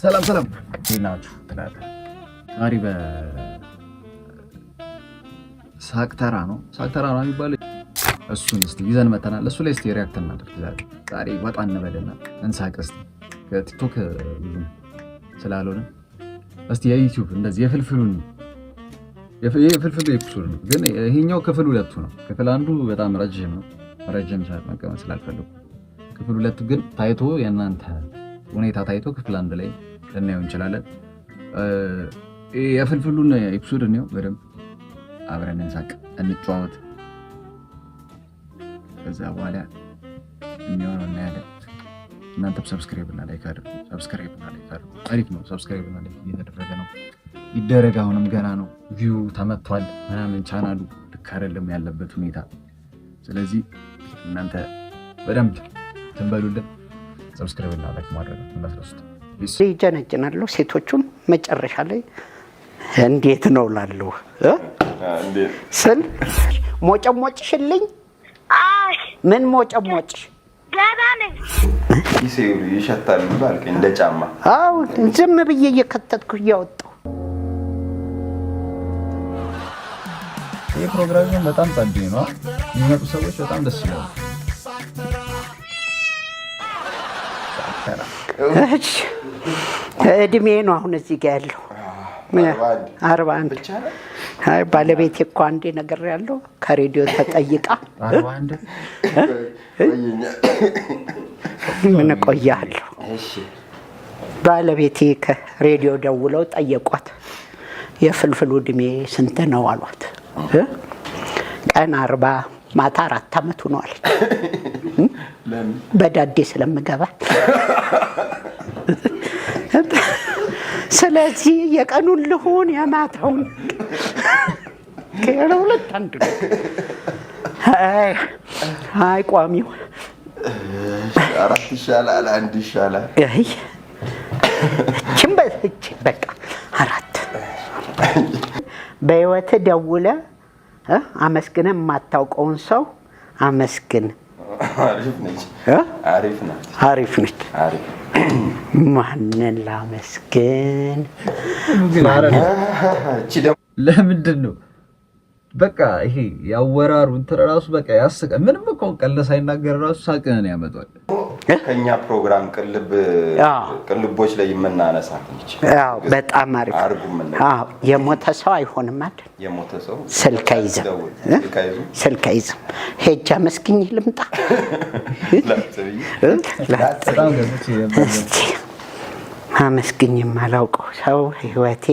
ሰላም ሰላም፣ እንዴት ናችሁ ትላለህ። ዛሬ በሳቅተራ ነው ሳቅተራ ነው የሚባለው እሱን እስኪ ይዘን መተናል። እሱ ላይ እስኪ ሪያክት እናደርግ። ዛሬ ወጣ እንበልና እንሳቅ እስኪ ከቲክቶክ ስላልሆነ እስኪ የዩቲዩብ እንደዚህ የፍልፍሉን የፍልፍሉ ኤፒሶድ ነው፣ ግን ይሄኛው ክፍል ሁለቱ ነው። ክፍል አንዱ በጣም ረጅም ነው፣ ረጅም መቀመጥ ስላልፈለጉ ክፍል ሁለቱ ግን ታይቶ የእናንተ ሁኔታ ታይቶ ክፍል አንድ ላይ ልናየው እንችላለን። የፍልፍሉን ኤፒሶድ እንየው በደንብ አብረን እንሳቅ፣ እንጫወት። ከዛ በኋላ የሚሆነው እናያለን። እናንተም ሰብስክራይብ እና ላይክ አድርጉ። ሰብስክራይብ እና ላይክ አድርጉ። አሪፍ ነው። ሰብስክራይብ እና ላይክ እየተደረገ ነው፣ ይደረግ። አሁንም ገና ነው፣ ቪው ተመቷል ምናምን ቻናሉ ልክ አይደለም ያለበት ሁኔታ። ስለዚህ እናንተ በደንብ ትንበሉልን። ሰብስክራይብ እና ላይክ ማድረግ እንዳትረሱት። ይጀነጭናለሁ። ሴቶቹን መጨረሻ ላይ እንዴት ነው ላለሁ ስል ሞጨሞጭሽልኝ። ምን ሞጨሞጭሽ? ይሸታል እንደ ጫማ። አዎ ዝም ብዬ እየከተትኩ እያወጣሁ ይህ ፕሮግራም በጣም ጸድ ነው። የሚመጡ ሰዎች በጣም ደስ ይላሉ። እድሜ ነው አሁን እዚህ ጋ ያለው አርባ አንድ ባለቤት እኮ አንዴ ነገር ያለው ከሬዲዮ ተጠይቃ ምን ቆያለሁ ባለቤቴ ከሬዲዮ ደውለው ጠየቋት። የፍልፍሉ እድሜ ስንት ነው አሏት። ቀን አርባ ማታ አራት ዓመት ሆኖ አለች። በዳዴ ስለምገባ ስለዚህ የቀኑን ልሆን የማታውን ከሄደ ሁለት አንድ ነው። አይ ቋሚው አራት ይሻላል፣ አንድ ይሻላል። እችም በቃ አራት በህይወት ደውለ አመስግነ የማታውቀውን ሰው አመስግን። አሪፍ ነች፣ አሪፍ ነች። ማንን ላመስግን? ለምንድን ነው በቃ ይሄ ያወራሩ እንትን ራሱ በቃ ያስቀ ምንም እኮ ቀልድ ሳይናገር ራሱ ሳቅን ያመጣል። ከኛ ፕሮግራም ቅልብ ቅልቦች ላይ የምናነሳት ነች። በጣም አሪፍ አርጉ። የሞተ ሰው አይሆንም አይደል? የሞተ ስልክ አይዝም፣ ስልክ አይዝም። ሄጃ መስግኝ ልምጣ አመስግኝም አላውቀው ሰው ህይወቴ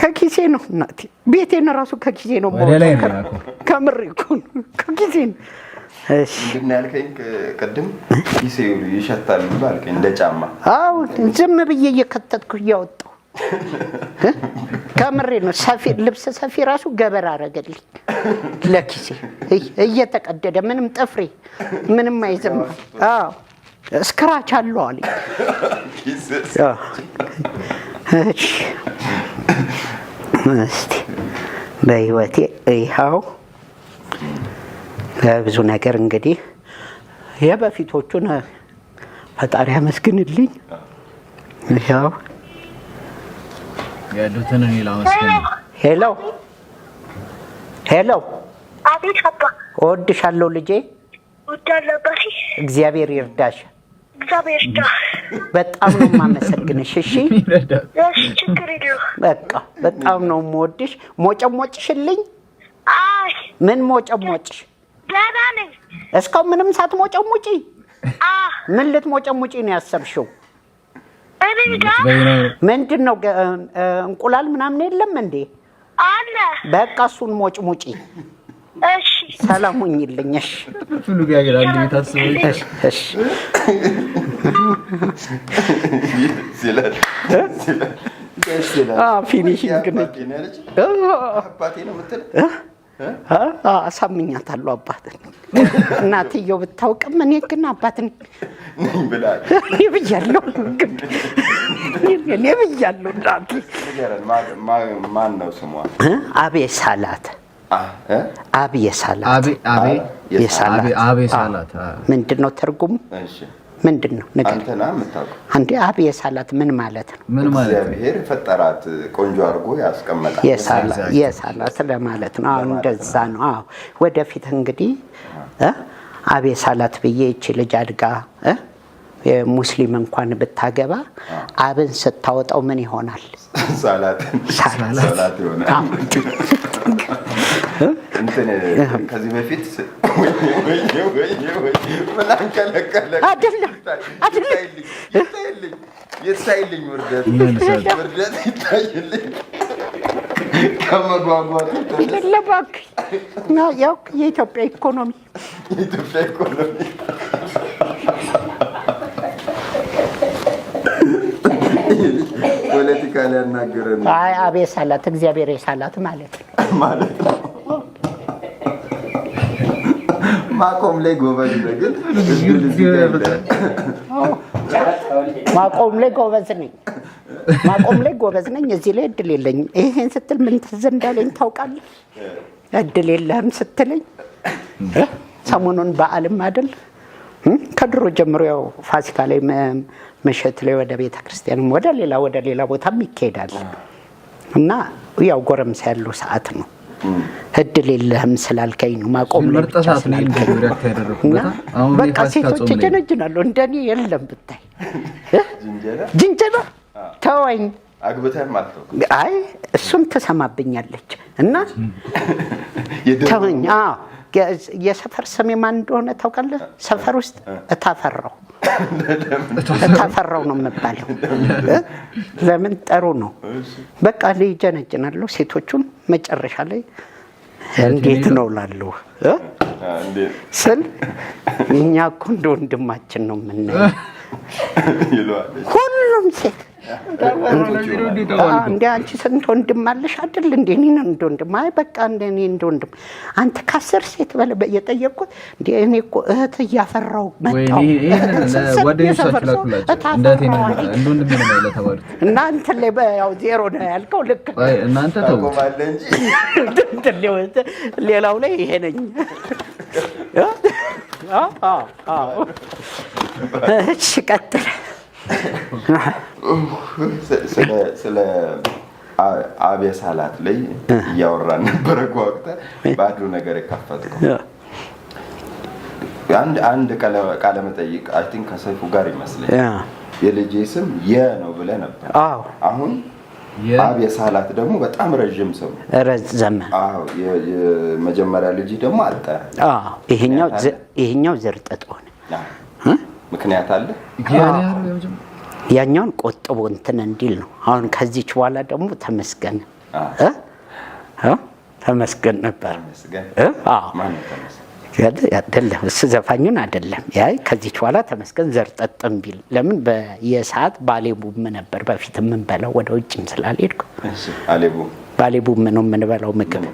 ከኪሴ ነው እናቴ፣ ቤቴን ራሱ ከኪሴ ነው። ከምር ከኪሴ ነው። ኪሴ ይሸታል ብሎ አልከኝ። እንደ ጫማ አዎ፣ ዝም ብዬ እየከተትኩ እያወጣሁ ከምሬ ነው። ልብስ ሰፊ ራሱ ገበር አረገልኝ ለኪሴ እየተቀደደ ምንም ጥፍሬ ምንም አይዘማ። አዎ ስክራች አለው አለኝ። እስቲ በህይወቴ ይኸው ለብዙ ነገር እንግዲህ የበፊቶቹን ፈጣሪ አመስግንልኝ። ይኸው ያሉትን ሌላ መስገን ሄሎ ሄሎ፣ እወድሻለሁ ልጄ እግዚአብሔር ይርዳሽ። እግዚአብሔር ይርዳ። በጣም ነው የማመሰግንሽ። እሺ፣ በቃ በጣም ነው የምወድሽ። ሞጨሞጭሽልኝ። አይ ምን ሞጨሞጭሽ? ደህና ነኝ። እስካሁን ምንም ሳትሞጨሙጪ ምን ልትሞጨሙጪ ነው ያሰብሽው? ምንድን ነው እንቁላል ምናምን የለም እንዴ? አለ። በቃ እሱን ሞጭሙጪ። ሰላም ሁኝልኝ። ፊኒሽንግ አሳምኛታለሁ። አባትን እናትየው ብታውቅም እኔ ግን አባትን ብያለሁ፣ ብያለሁ። ማን ነው ስሟ? አቤ ሳላት አብ የሳላት ምንድን ነው ትርጉሙ? ምንድን ነው ነገር አብ የሳላት ምን ማለት ነው? እግዚአብሔር ፈጠራት ቆንጆ አድርጎ ያስቀመጣል። የሳላት ለማለት ነው። አሁን እንደዛ ነው። አዎ ወደፊት እንግዲህ አብ የሳላት ብዬ ይቺ ልጅ አድጋ ሙስሊም እንኳን ብታገባ አብን ስታወጣው ምን ይሆናል? ሳላት ከዚህ በፊት ይታይልኝ ውርደት ይታይልኝ ከመጓጓት የኢትዮጵያ ኢኮኖሚ የኢትዮጵያ ኢኮኖሚ ፖለቲካ ሊያናገረ ነው። አቤ ሳላት እግዚአብሔር የሳላት ማለት ማለት ነው። ማቆም ላይ ጎበዝ ማቆም ላይ ጎበዝ ነኝ። ማቆም ላይ ጎበዝ ነኝ። እዚህ ላይ እድል የለኝም። ይሄን ስትል ምን ትዝ እንዳለኝ ታውቃለህ? እድል የለህም ስትለኝ ሰሞኑን በዓልም አይደል ከድሮ ጀምሮ ያው ፋሲካ ላይ መሸት ላይ ወደ ቤተ ክርስቲያንም ወደ ሌላ ወደ ሌላ ቦታም ይካሄዳል እና ያው ጎረምሳ ያለው ሰዓት ነው። እድል የለህም ስላልከኝ ነው ማቆም ላይ በቃ ሴቶች እጀነጅናለሁ። እንደኔ የለም ብታይ ጅንጀና ተወኝ። አይ እሱም ትሰማብኛለች እና ተወኝ። አዎ የሰፈር ስሜ ማን እንደሆነ ታውቃለህ? ሰፈር ውስጥ እታፈራው እታፈራው ነው የምባለው። ለምን ጠሩ ነው። በቃ ልጀነጅናለሁ። ሴቶቹን መጨረሻ ላይ እንዴት ነው ላሉ ስል እኛ እኮ እንደ ወንድማችን ነው የምናየው ሁሉም ሴት እንደ አንቺ ስንት ወንድም አለሽ አይደል? እንደ እኔ ነው እንደ ወንድም። አይ በቃ እንደ እኔ እንደ ወንድም አንተ ከአስር ሴት በለ የጠየቅኩት እንደ እኔ እኮ እህት እያፈራው እና እንትን ላይ ያው ዜሮ ነው ያልከው ልክ ሌላው ላይ ይሄ ነኝ እሺ ቀጥል ስለ አቤሳላት ላይ እያወራን ነበረ። ጓግተ ባዶ ነገር የከፈትከው አንድ አንድ ቃለ መጠይቅ አይ ቲንክ ከሰይፉ ጋር ይመስለኛል። የልጄ ስም የ ነው ብለ ነበር። አሁን አቤሳላት ደግሞ በጣም ረዥም ስም ረዘመ። የመጀመሪያ ልጅ ደግሞ አጠረ። ይሄኛው ዝርጠጥ ሆነ። ምክንያት አለ ያኛውን ቆጥቦ እንትን እንዲል ነው። አሁን ከዚች በኋላ ደግሞ ተመስገን ተመስገን ነበር አይደለም፣ እሱ ዘፋኙን አይደለም። ያ ከዚች በኋላ ተመስገን ዘርጠጥ ቢል ለምን በየሰዓት ባሌቡም ነበር በፊት የምንበላው ወደ ውጭም ስላልሄድኩ ባሌቡም ነው የምንበላው ምግብ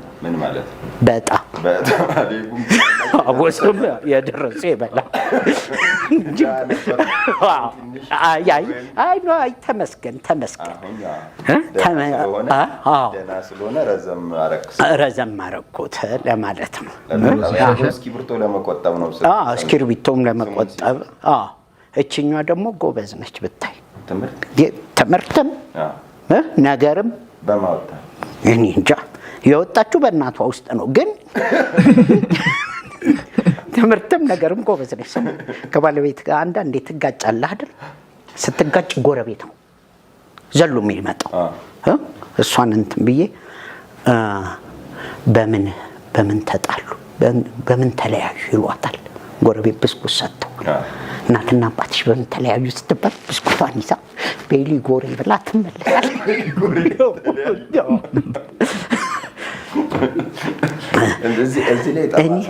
በጣም አወስም የደረሱ ይበላ። አይ ተመስገን ተመስገን፣ ረዘም አረኩት ለማለት ነው። እስክርቢቶም ለመቆጠብ እችኛ ደግሞ ጎበዝ ነች ብታይ፣ ትምህርትም ነገርም እኔ እንጃ የወጣችሁ በእናቷ ውስጥ ነው ግን ትምህርትም ነገርም ጎበዝ ነሽ። ከባለቤት ጋር አንዳንዴ ትጋጫለህ አይደል? ስትጋጭ ጎረቤት ነው ዘሎ የሚመጣው። እሷን እንትን ብዬ በምን በምን ተጣሉ በምን ተለያዩ ይሏታል ጎረቤት ብስኩት ሰጥተው እናትና አባትሽ በምን ተለያዩ ስትባል ብስኩቷን ይዛ ቤሊ ጎሬ ብላ ትመለሳል። እዚህ ላይ ጠባሳ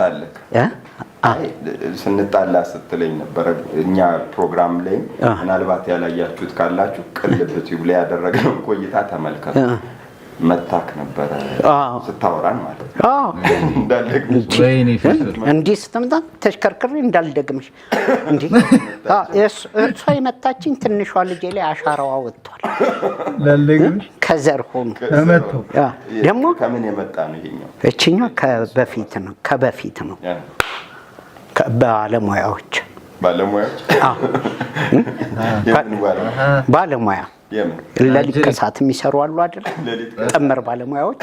ስንጣላ ስትለኝ ነበረ። እኛ ፕሮግራም ላይ ምናልባት ያላያችሁት ካላችሁ ቅልብ ቲዩብ ላይ ያደረግነው ቆይታ ተመልከቱ። መታክ ነበረ ስታወራን ማለት እንዲህ ስትመጣ ተሽከርክሬ እንዳልደግምሽ። እሷ የመታችኝ ትንሿ ልጄ ላይ አሻራዋ ወጥቷል። ከዘር ሆኑ ደግሞ ከምን የመጣ ነው ይሄኛው? ከበፊት ነው ከበፊት ነው ባለሙያዎች ባለሙያ ሌሊት ከሰዓት የሚሰሩ አሉ አይደል? ጠመር ባለሙያዎች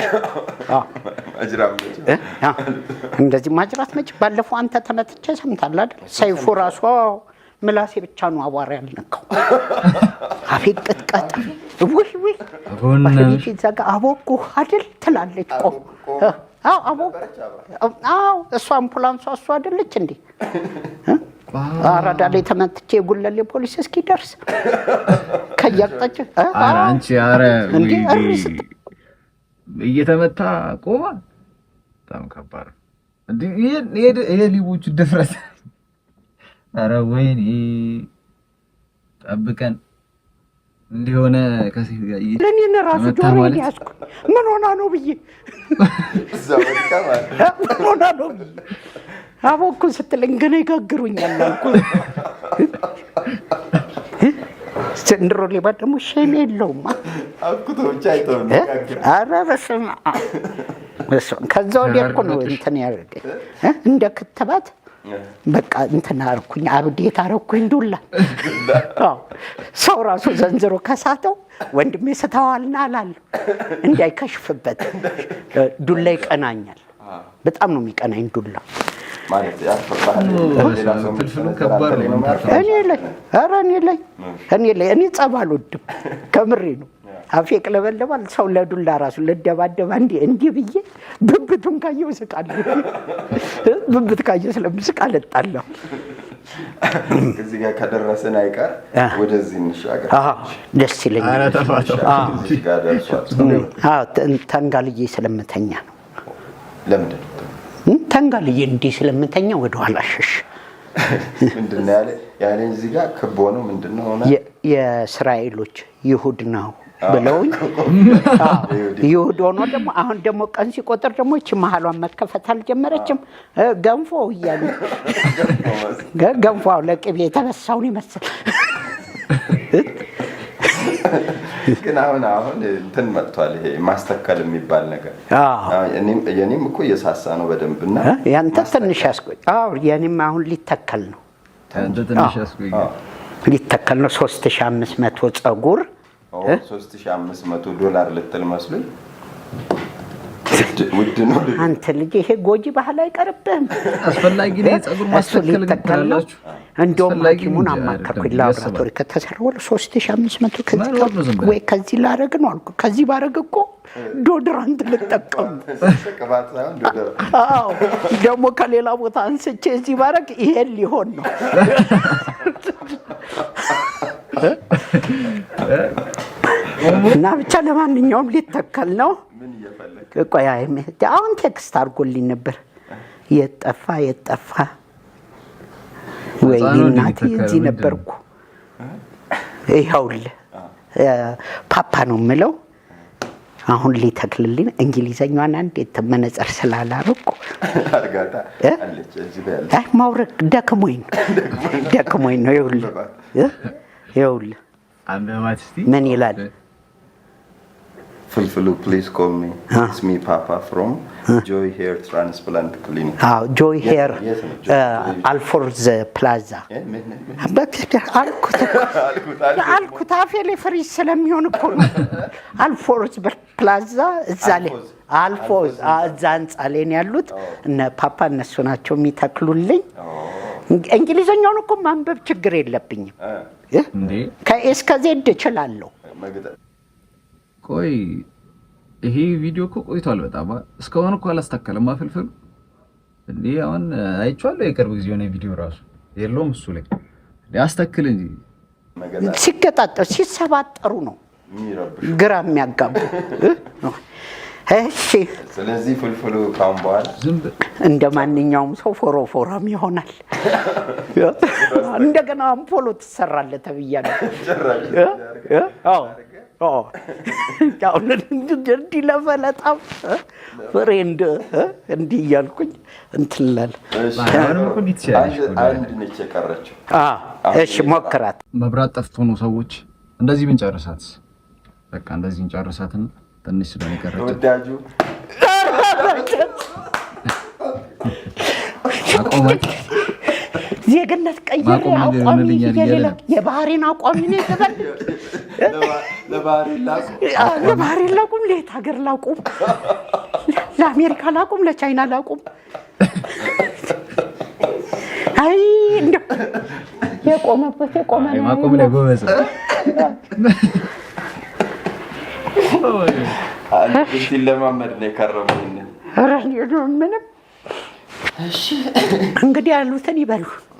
እንደዚህ ማጅራት መች። ባለፈው አንተ ተመትቼ ሰምታል አይደል? ሰይፉ ራሱ ምላሴ ብቻ ነው አቧራ ያልነካው። አፌ ቅጥቀጥ ውይ ውይ ባለቤት ይዘጋ አቦቁ አይደል ትላለች። ቆ አቦ እሷ አምፑላንሷ እሷ አይደለች እንዴ? አራዳ ላይ ተመትቼ የጉለሌ ፖሊስ እስኪደርስ ከያቅጣጭ አንቺ አረ እየተመታ ቆማ በጣም ከባድ ይሄ ሊቦቹ ድፍረት። አረ ወይኔ ጠብቀን እንዲሆነ ከሴት ጋር ለእኔን ራሱ ጆሮ ያዝኩ። ምን ሆና ነው ብዬ ምን ሆና ነው ብዬ አቦ እኮ ስትለኝ ገና ይጋግሩኛል አልኩ። ዘንድሮ ሌባ ደግሞ ሸም የለውም። ኧረ በስመ ከዛ ወዲያ ነው እንትን ያደርገ እንደ ክትባት በቃ እንትን አርኩኝ፣ አብዴት አረኩኝ። ዱላ ሰው ራሱ ዘንዝሮ ከሳተው ወንድሜ ስተዋልና አላለሁ እንዳይከሽፍበት ዱላ ይቀናኛል። በጣም ነው የሚቀናኝ ዱላ እኔ ላይ እኔ ጸብ አልወድም፣ ከምሬ ነው። አፌ ቅለበለባል። ሰው ለዱላ ራሱ ልደባደባ እንዲህ እንዲህ ብዬ ብብቱን ካየው እስቃለሁ። ብብት ካየ ስለምስቅ አልጣለሁ። እዚህ ጋር ከደረስን አይቀር ወደዚህ እንሻገር ደስ ይለኛል። ተንጋልዬ ስለምተኛ ነው። ለምንድን ነው ተንጋልዬ እንዲህ ስለምተኛ ወደኋላ ሸሽ የእስራኤሎች ይሁድ ነው ብለውኝ ይሁድ ሆኖ ደግሞ አሁን ደግሞ ቀን ሲቆጥር ደግሞ ይቺ መሀሏን መከፈት አልጀመረችም። ገንፎ እያሉ ገንፎ ለቅቤ የተነሳውን ይመስል ግን አሁን አሁን እንትን መጥቷል። ይሄ ማስተከል የሚባል ነገር የኔም እኮ እየሳሳ ነው በደንብ እና ያንተ ትንሽ ያስቆይ። የኔም አሁን ሊተከል ነው ሊተከል ነው። መቶ ጸጉር መቶ ዶላር ልትል መስሎኝ አንተ ልጅ ይሄ ጎጂ ባህል አይቀርብህም። አስፈላጊ ነው የጸጉር ማስተካከል ትላላችሁ። እንደውም ሐኪሙን አማከርኩኝ። ላብራቶሪ ከተሰራ ወደ ሶስት ሺህ አምስት መቶ ወይ ከዚህ ላረግ ነው አልኩ። ከዚህ ባረግ እኮ ዶድራንት ልጠቀም ደግሞ ከሌላ ቦታ አንስቼ እዚህ ባረግ ይሄን ሊሆን ነው። እና ብቻ ለማንኛውም ሊተከል ነው። ቆይ አሁን ቴክስት አድርጎልኝ ነበር። የት ጠፋ ወይ እናቴ እዚህ ነበርኩ። ይኸውልህ ፓፓ ነው የምለው አሁን ሊተክልልኝ አንዴት መነጽር ስላላረኩ ደክሞኝ ነው ደክሞኝ ነው። ምን ይላል ፍልፍሉ ፕሊዝ ኮል ሚ ኢትስ ሚ ፓፓ ፍሮም ጆይ ሄር ትራንስፕላንት ክሊኒክ። አዎ ጆይ ሄር አልፎርዝ ፕላዛ አልኩት። አፌ ላይ ፍሪጅ ስለሚሆን እኮ አልፎርዝ ፕላዛ እዛ ላይ አልፎ ah, እዛ ህንፃ ላይ ያሉት እነ ፓፓ። እነሱ ናቸው የሚተክሉልኝ። እንግሊዝኛውን እኮ ማንበብ ችግር የለብኝም። ከኤ እስከ እችላለሁ። ቆይ ይሄ ቪዲዮ እኮ ቆይቷል በጣም እስካሁን እኮ አላስተካከለም አፈልፈሉ እንዴ አሁን አይቼዋለሁ የቅርብ ጊዜ የሆነ ቪዲዮ ራሱ የለውም እሱ ላይ ሊያስተክል እንጂ ሲገጣጠሩ ሲሰባጠሩ ነው ግራ የሚያጋቡ እሺ ስለዚህ ፍልፍሉ ካሁን በኋላ እንደ ማንኛውም ሰው ፎሮፎራም ይሆናል። እንደገና አምፖሎ ትሰራለህ ተብያለሁ። እንዲህ ለፈለጣም ፍሬንድ እንዲህ እያልኩኝ እንትን እላለሁ። የቀረችው እሺ፣ ሞክራት። መብራት ጠፍቶ ነው ሰዎች እንደዚህ ብንጨርሳት፣ በቃ እንደዚህ እንጨርሳትን ትንሽ ስለሆነ የቀረችው ዜግነት ቀይሬ አቋሚ የሌላ የባህሬን አቋሚ ነው የተበል ለባህሬን ላቁም፣ ለየት ሀገር ላቁም፣ ለአሜሪካ ላቁም፣ ለቻይና ላቁም። አይ እንደው የቆመበት የቆመ ለማመድ ነው የከረመው። ምንም እንግዲህ ያሉትን ይበሉ።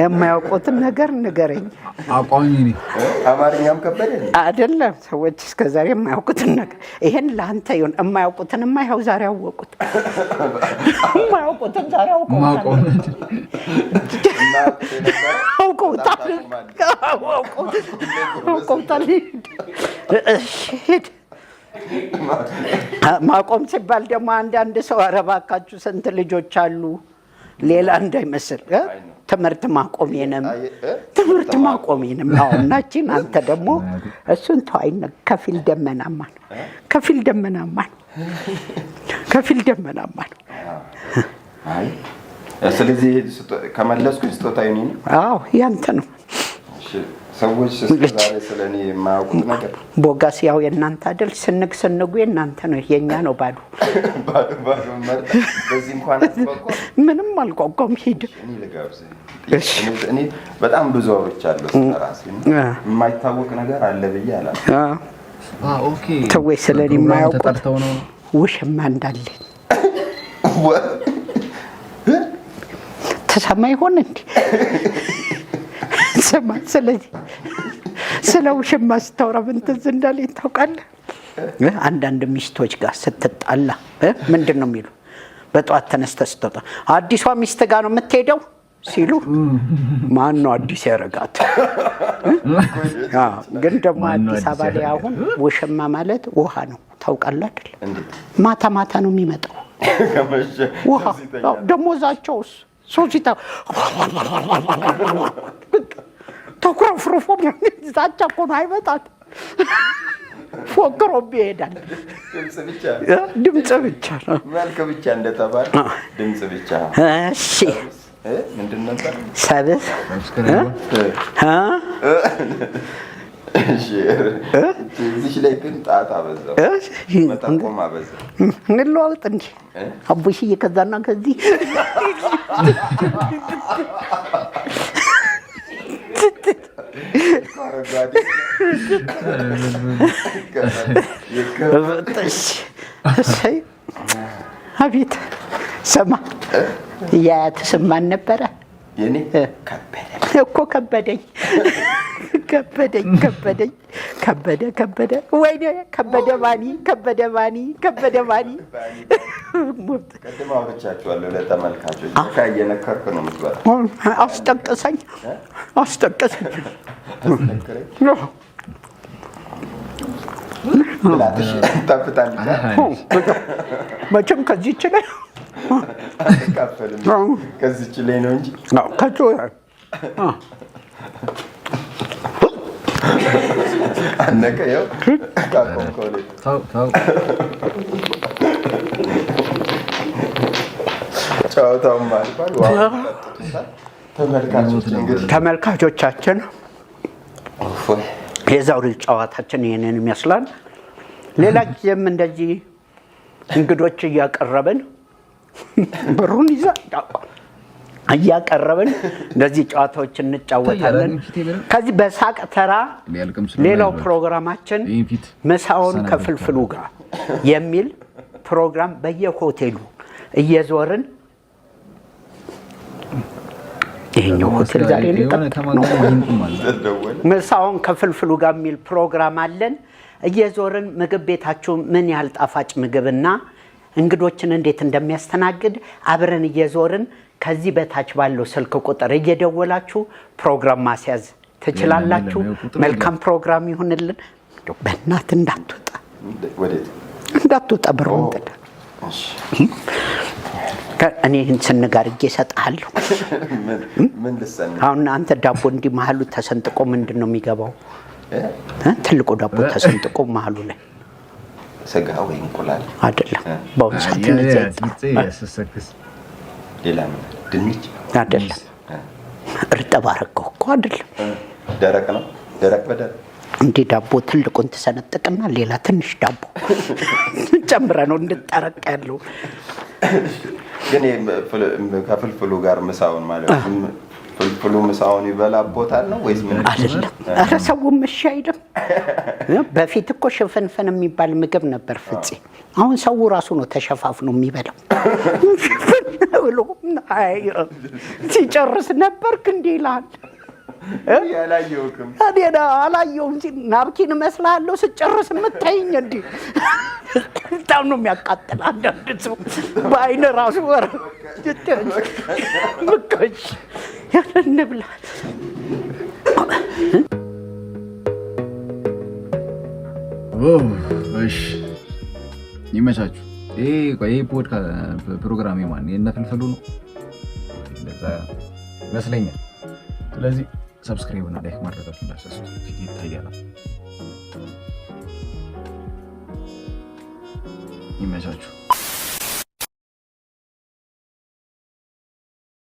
የማያውቁትን ነገር ንገረኝ። አቋሚ አማርኛም ከበደ አይደለም። ሰዎች ዛሬ የማያውቁትን ነገር ይሄን ለአንተ ይሁን። የማያውቁትንማ ይኸው ዛሬ አወቁት። የማያውቁትን ዛሬ አውቀውታል፣ አውቀውታል። ሂድ ማቆም ሲባል ደግሞ አንዳንድ ሰው ኧረ ስንት ልጆች አሉ ሌላ እንዳይመስል ትምህርት ማቆሜንም ትምህርት ማቆሜንም ነው አንተ ደግሞ እሱን ተዋይነ ከፊል ደመናማ ነው፣ ከፊል ደመናማ ነው፣ ከፊል ደመናማ ነው። ስለዚህ ከመለስኩ ስጦታ ያንተ ነው። ሰዎች ስለኔ የማያውቁት ነገር ቦጋስ ያው የእናንተ አይደል? ስንግ ስንጉ የእናንተ ነው፣ የእኛ ነው ባዶ ምንም አልቋቋም። ሂድ እኔ በጣም ብዙ አውርቻለሁ። ስለራሴ የማይታወቅ ነገር አለ ብዬ አላውቅም። ሰዎች ስለኔ የማያውቁት ውሽማ እንዳለኝ ተሰማ ይሆን እንዴ? ይሰማል። ስለዚህ ስለ ውሽማ ስታወራ ምን ትዝ እንዳለኝ ታውቃለህ? አንዳንድ ሚስቶች ጋር ስትጣላ ምንድን ነው የሚሉ በጠዋት ተነስተህ ስትወጣ አዲሷ ሚስት ጋር ነው የምትሄደው ሲሉ ማን ነው አዲስ ያረጋት? ግን ደግሞ አዲስ አበባ ላይ አሁን ውሽማ ማለት ውሃ ነው ታውቃለህ አይደል? ማታ ማታ ነው የሚመጣው ውሃ ደግሞ ደሞዛቸውስ ሶሲታ ተኩረፍርፎ ዛቻ እኮ ነው አይመጣም። ፎክሮብ ይሄዳል። ድምፅ ብቻ ነው መልክ ብቻ እንደተባለ ድምፅ ብቻ። እሺ ሰብስ እዚህ ላይ ግን ጣት አበዛው፣ መጠቆም አበዛው። እንለዋውጥ እንደ ከዛና ከዚህ አቤት ሰማ እያ ተሰማን ነበረ እኮ ከበደኝ ከበደኝ ከበደኝ ከበደ ከበደ ወይኔ ከበደ ባኒ ከበደ ባኒ ከበደ ባኒ። ቅድም አውርቻችኋለሁ ለተመልካቾች እየነከርኩ ነው የምትበላው። አስጠቀሰኝ አስጠቀሰኝ መቼም ከዚህ ይችላል ከዚች ላይ ነው እንጂ አነቀ ተመልካቾቻችን የዛው ጨዋታችን ይህንን ይመስላል። ሌላ ጊዜም እንደዚህ እንግዶች እያቀረብን ብሩን ይዛ እያቀረብን እንደዚህ ጨዋታዎች እንጫወታለን። ከዚህ በሳቅ ተራ ሌላው ፕሮግራማችን ምሳውን ከፍልፍሉ ጋር የሚል ፕሮግራም በየሆቴሉ እየዞርን ይሄኛው ሆቴል ዛሬ ምሳውን ከፍልፍሉ ጋር የሚል ፕሮግራም አለን። እየዞርን ምግብ ቤታችሁ ምን ያህል ጣፋጭ ምግብና እንግዶችን እንዴት እንደሚያስተናግድ አብረን እየዞርን ከዚህ በታች ባለው ስልክ ቁጥር እየደወላችሁ ፕሮግራም ማስያዝ ትችላላችሁ። መልካም ፕሮግራም ይሁንልን። በእናት እንዳትወጣ እንዳትወጣ ብሮ እኔ ይህን ስንጋር እጌ እሰጥሃለሁ። አሁን አንተ ዳቦ እንዲህ መሀሉ ተሰንጥቆ ምንድን ነው የሚገባው? ትልቁ ዳቦ ተሰንጥቆ መሀሉ ላይ ስጋ ወይ እንቁላል አይደለም። በአሁኑ ሰዓት ሌላ ድንች አይደለም። እርጥብ አረገው እኮ አይደለም። ደረቅ ነው። ደረቅ በደረቅ እንዲህ ዳቦ ትልቁን ትሰነጥቅና ሌላ ትንሽ ዳቦ ጨምረ ነው እንድጠረቅ ያለው ግን ከፍልፍሉ ጋር ምሳውን ማለት ፍልፍሉ ምሳውን ይበላቦታል ነው ወይስ ምን? አይደለም። ኧረ ሰውም እሺ አይልም። በፊት እኮ ሽፍንፍን የሚባል ምግብ ነበር ፍፄ። አሁን ሰው ራሱ ነው ተሸፋፍኖ የሚበላው። ሽፍን ብሎ ሲጨርስ ነበርክ እንዲህ ይልሃል። አላየውም ሲል ናብኪን እመስልሃለሁ ስጨርስ የምታይኝ እንዲህ በጣም ነው የሚያቃጥል። አንዳንድ ሰው በአይን ራሱ ወረ እንብላ። እሺ ይመቻችሁ። ይህ ፕሮግራም ነው ይመስለኛል። ስለዚህ ሰብስክራይብ እና ላይክ ማድረጋችሁ ፊት ይታያል። ይመቻችሁ።